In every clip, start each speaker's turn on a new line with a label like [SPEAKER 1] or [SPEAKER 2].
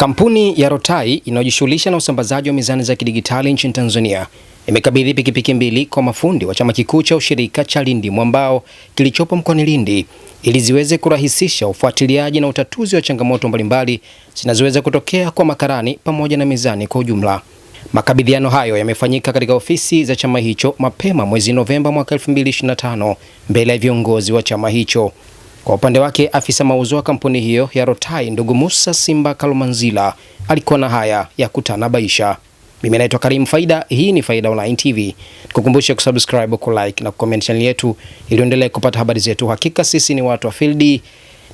[SPEAKER 1] Kampuni ya Rotai inayojishughulisha na usambazaji wa mizani za kidigitali nchini Tanzania imekabidhi pikipiki mbili kwa mafundi wa chama kikuu cha ushirika cha Lindi Mwambao kilichopo mkoani Lindi ili ziweze kurahisisha ufuatiliaji na utatuzi wa changamoto mbalimbali zinazoweza kutokea kwa makarani pamoja na mizani kwa ujumla. Makabidhiano hayo yamefanyika katika ofisi za chama hicho mapema mwezi Novemba mwaka 2025 mbele ya viongozi wa chama hicho. Kwa upande wake, afisa mauzo wa kampuni hiyo ya Rotai ndugu Musa Simba Kalumanzila alikuwa na haya ya kutanabaisha. Mimi naitwa Karim Faida, hii ni Faida Online TV. Kukumbusha kusubscribe, kulike na kucomment channel yetu ili uendelee kupata habari zetu. Hakika sisi ni watu wa field.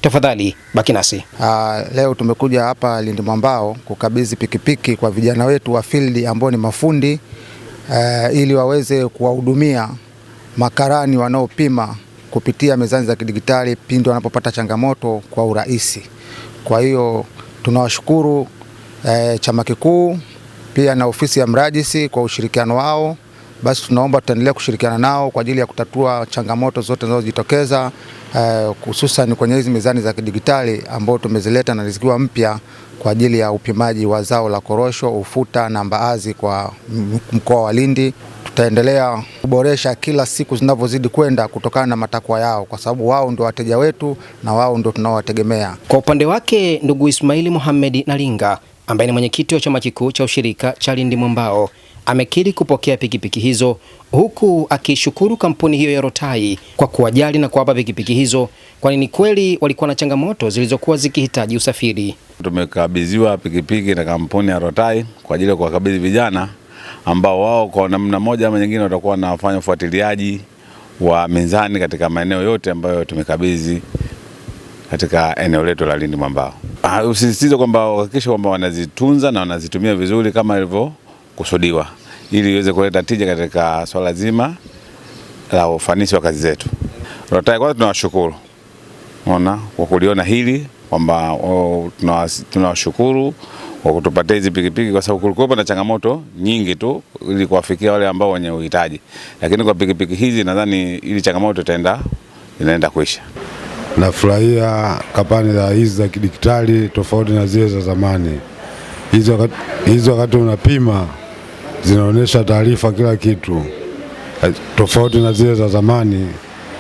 [SPEAKER 1] Tafadhali baki nasi.
[SPEAKER 2] Uh, leo tumekuja hapa Lindi Mwambao kukabidhi pikipiki kwa vijana wetu wa field ambao ni mafundi uh, ili waweze kuwahudumia makarani wanaopima kupitia mezani za kidigitali pindi wanapopata changamoto kwa urahisi. Kwa hiyo tunawashukuru e, chama kikuu pia na ofisi ya mrajisi kwa ushirikiano wao. Basi tunaomba tutaendelea kushirikiana nao kwa ajili ya kutatua changamoto zote zinazojitokeza eh, hususan uh, kwenye hizi mizani za kidigitali ambao tumezileta na rizikiwa mpya kwa ajili ya upimaji wa zao la korosho, ufuta na mbaazi kwa mkoa wa Lindi tutaendelea kuboresha kila siku zinavyozidi kwenda kutokana na matakwa yao, kwa sababu wao ndio wateja wetu na wao ndio tunaowategemea.
[SPEAKER 1] Kwa upande wake, ndugu Ismaili Mohamed Nalinga ambaye ni mwenyekiti wa chama kikuu cha ushirika cha Lindi Mwambao amekiri kupokea pikipiki hizo huku akishukuru kampuni hiyo ya Rotai kwa kuwajali na kuwapa pikipiki hizo, kwani ni kweli walikuwa na changamoto zilizokuwa zikihitaji usafiri.
[SPEAKER 3] Tumekabidhiwa pikipiki na kampuni ya Rotai kwa ajili ya kuwakabidhi vijana ambao wao kwa namna moja ama nyingine watakuwa wanafanya ufuatiliaji wa mizani katika maeneo yote ambayo tumekabidhi katika eneo letu la Lindi Mwambao. Ah, usisitize kwamba uhakikishe kwamba wanazitunza na wanazitumia vizuri kama ilivyokusudiwa ili iweze kuleta tija katika swala zima la ufanisi wa kazi zetu. Rotai kwanza tunawashukuru. ona kwa kuliona hili kwamba oh, tunawashukuru wa kutupatia hizi pikipiki, kwa sababu kulikuwa na changamoto nyingi tu ili kuwafikia wale ambao wenye uhitaji, lakini kwa pikipiki hizi nadhani ili changamoto itaenda inaenda kuisha.
[SPEAKER 4] Nafurahia kampani za hizi za kidigitali tofauti na zile za zamani. Hizi wakati unapima zinaonyesha taarifa kila kitu, tofauti na zile za zamani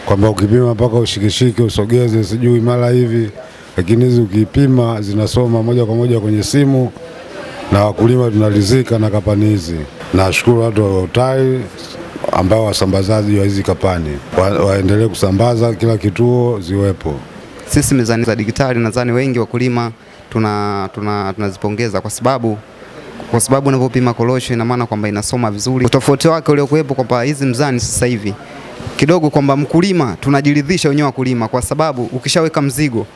[SPEAKER 4] kwamba ukipima mpaka ushikishike, usogeze, sijui mara hivi lakini hizi ukipima zinasoma moja kwa moja kwenye simu na wakulima tunalizika na kapani hizi. Nashukuru watu wa Rotai ambao wasambazaji wa hizi kapani wa, waendelee kusambaza kila kituo ziwepo. Sisi mizani za digitali nadhani wengi wakulima tunazipongeza tuna, tuna kwa sababu kwa sababu unavyopima korosho ina maana kwamba inasoma vizuri. Utofauti wake uliokuwepo kwamba hizi mzani sasa hivi kidogo kwamba mkulima tunajiridhisha wenyewe wakulima, kwa sababu ukishaweka mzigo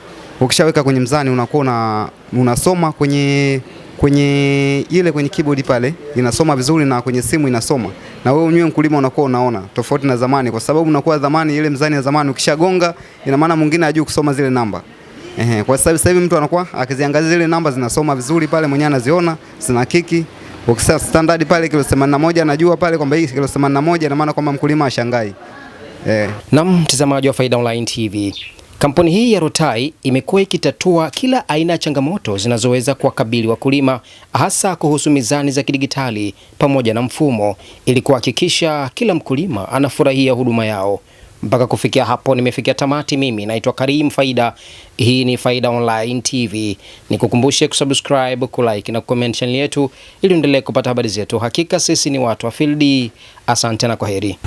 [SPEAKER 4] ukishaweka kwenye mzani unakuwa una, unasoma kwenye kwenye ile kwenye keyboard pale inasoma vizuri na kwenye simu inasoma, na wewe unywe mkulima unakuwa unaona tofauti na zamani, kwa sababu unakuwa zamani ile mzani ya zamani ukishagonga, ina maana mwingine hajui kusoma zile namba ehe. Kwa sababu sasa hivi mtu anakuwa akiziangazia zile namba zinasoma vizuri pale, mwenyewe anaziona zina kiki. Ukisema standard pale kilo 81 anajua pale kwamba hii kilo 81, ina maana kwamba mkulima ashangai eh.
[SPEAKER 1] Na mtazamaji wa Faida Online TV Kampuni hii ya Rotai imekuwa ikitatua kila aina ya changamoto zinazoweza kuwakabili wakulima hasa kuhusu mizani za kidigitali pamoja na mfumo ili kuhakikisha kila mkulima anafurahia huduma yao. Mpaka kufikia hapo nimefikia tamati. Mimi naitwa Karim Faida, hii ni Faida Online TV. Nikukumbushe kusubscribe, kulike na kucomment channel yetu ili uendelee kupata habari zetu. Hakika sisi ni watu wa field. Asante na kwaheri.